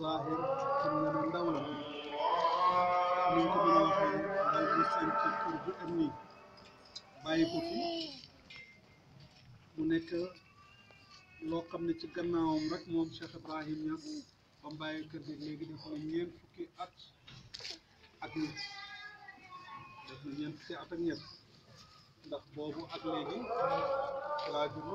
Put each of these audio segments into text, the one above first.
zahir xam nga ne ndaw la ni ko waxee daal di seen ci bu am bàyyi ko fi mu nekk loo xam ne ci gannaawam rek moom Cheikh Ibrahim Niass ba mu kër gi léegi def na ñeent fukki at ak ñett def na ñeent fukki at ak ñett ndax boobu ak léegi laa jublu.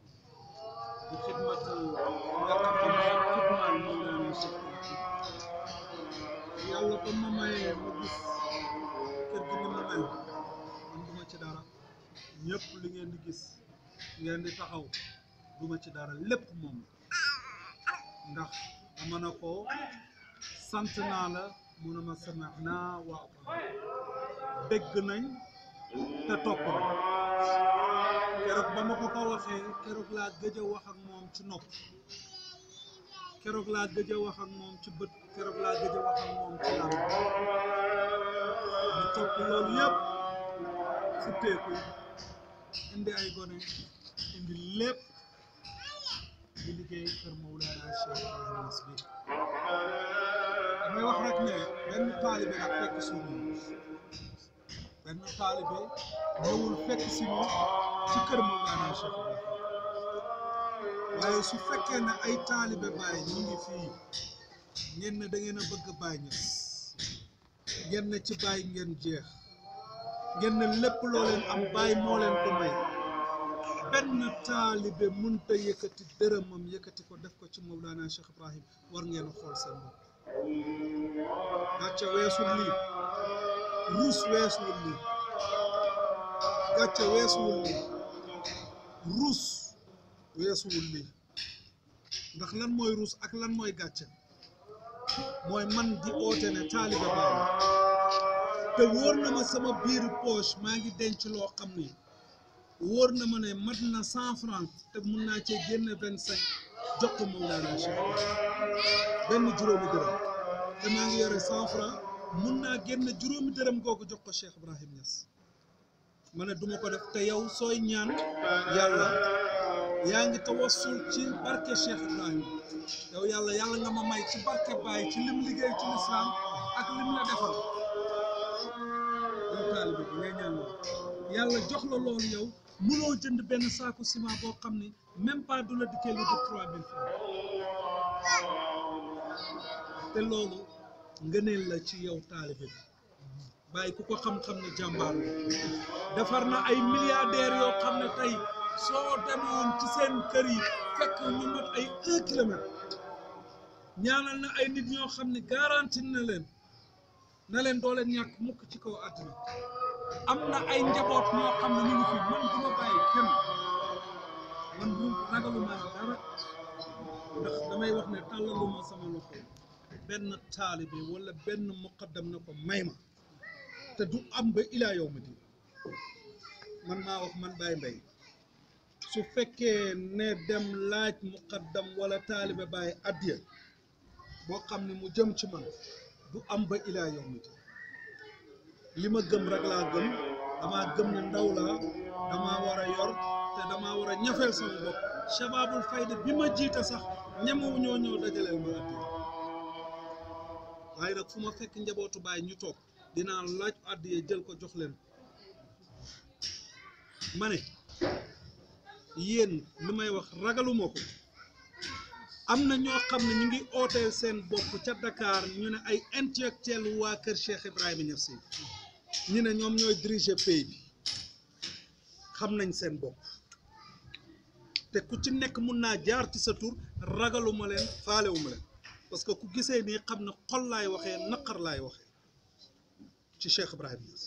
بخدمة وقفنا خدمة المولانا Cheikh Kounta yàlla ba ma mayee ma gis kër gi ni ma mel man duma ci dara ñëpp li ngeen di gis ngeen di taxaw duma ci dara lépp moom ndax dama na ko sant naa la mun a ma samax naa waa bëgg nañ te topp na keroog ba ma ko ko waxee keroog laa gëj a wax ak moom ci nopp keroog laa gëj a wax ak moom ci bët keroog laa gëj a wax ak moom ci làmb ñu topp loolu yëpp futteeku indi ay gone indi lépp di liggéey kër Mawlana Cheikh Ibrahima bi damay wax rek ne benn taalibe ak fekk suñu benn taalibe ñëwul fekk si moom ci kër Mawlana waaye su fekkee ne ay taalibe Baay ñu ngi fii ngeen ne da ngeen a bëgg Baay Ñas ngeen ne ci Baay ngeen jeex ngeen ne lépp loo leen am Baay moo leen ko may benn taalibe mënta yëkkati dërëmam yëkkati ko def ko ci Mawlana Cheikh Ibrahim war ngeen xool seen bopp gàcce weesul lii ruus weesul lii gàcce weesuwul lii ruus weesuwul lii ndax lan mooy ruus ak lan mooy gàcce mooy man di oote ne taalibe Baay te wóor na ma sama biir poche maa ngi denc loo xam ni wóor na ma ne mat na cent francs te mun naa cee génne vingt cinq jox ko Mawlana Cheikh benn juróomi dërëm te maa ngi yore cent francs mun naa génne juróomi dërëm googu jox ko Cheikh Ibrahim Niass ma ne du ko def te yow sooy ñaan yàlla yaa ngi tawassul ci barke Cheikh Ibrahima yow yàlla yàlla nga ma may ci barke Baye ci lim liggéey ci lislaam ak lim la defal yow taalibe bi ngay ñaan yàlla jox la loolu yow mënoo jënd benn saaku ciment boo xam ni même pas du la dikkee lu de trois mille te loolu ngëneel la ci yow taalibe bàyyi ku ko xam-xam ne jàmbaar defar na ay milliardaires yoo xam ne tey soo demoon ci seen kër yi fekk ñu mat ay un kilomètre ñaanal na ay nit ñoo xam ne garantie na leen na leen doole leen ñàkk mukk ci kaw àdduna am na ay njaboot ñoo xam ne ñu ngi fi man du ma bàyyi kenn man bu ragaluma dara ndax damay wax ne tàllaluma sama loxo benn taalibe wala benn muqaddam na ko may ma te du am ba ilaa yow man maa wax man Baye Mbaye su fekkee ne dem laaj muqaddam wala taalibe Baye addiya boo xam ne mu jëm ci man du am ba ilaa yow li ma gëm rek laa gëm damaa gëm ne ndaw laa damaa war a yor te damaa war a ñafeel sama bopp shababul fayda bi ma jiita sax ñemewu ñoo ñëw dajaleel ma addiya waaye nag fu ma fekk njabootu baay ñu toog dinaa laaj àddiya jël ko jox leen ma ne yéen li may wax ragaluma ko am na ñoo xam ne ñu ngi ooteel seen bopp ca Dakar ñu ne ay intellectuel waa kër Cheikh Ibrahima Niass ñu ne ñoom ñooy diriger pays bi xam nañ seen bopp te ku ci nekk mun naa jaar ci sa tur ragaluma leen faalewuma leen parce que ku gisee nii xam ne xol laay waxee naqar laay waxee ci Cheikh Ibrahim Niass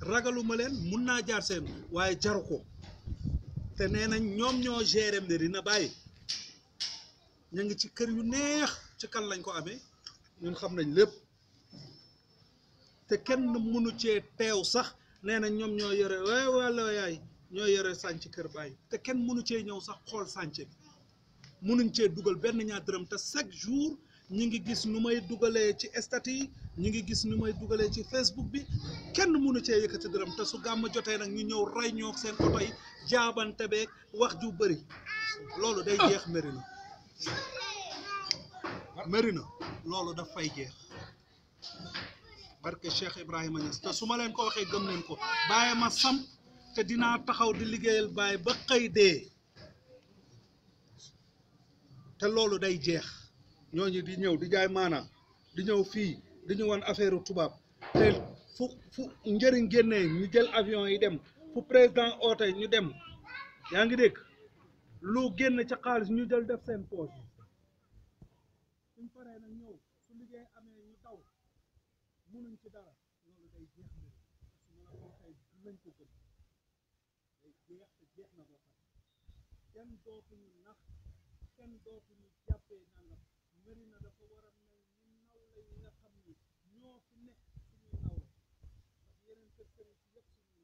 ragaluma leen mun naa jaar seen waaye jaru ko te nee nañ ñoom ñoo géré ne dina bàyyi ñu ngi ci kër yu neex ci kan lañ ko amee ñun xam nañ lépp te kenn mënu cee teew sax nee nañ ñoom ñoo yore waay wala yaay ñoo yore sànc kër bàyyi te kenn mënu cee ñëw sax xool sànc bi mënuñ cee dugal benn ñaar dërëm te chaque jour ñi ngi gis nu may dugalee ci statut yi ñi ngi gis ni may duggalé ci facebook bi kenn mënu ci yëkëti dërëm ta su gàmm jotee nak ñu ñëw ray ñok seen auto yi jaabanté beeg wax ju bëri loolu day jeex mérina mérina loolu da fay jeex barké cheikh ibrahima ñass ta su ma leen ko waxé gëm leen ko bàyyi ma sam té dina taxaw di ligéyal bàyyi ba xey dé té loolu day jeex ñoñu di ñëw di jaay mana di ñëw fi dañu wan affaire tubaab te fu fu njëriñ génnee ñu jël avion yi dem fu président oote ñu dem yaa ngi dégg lu génn ca xaalis ñu jël def seen poche suñ paree ñëw su liggéey ñu taw mënuñ ci dara loolu day jeex na ñi nga xam ni ñoo fi nekk suñuy nawle ndax yeneen kër sëriñ si yëpp suñu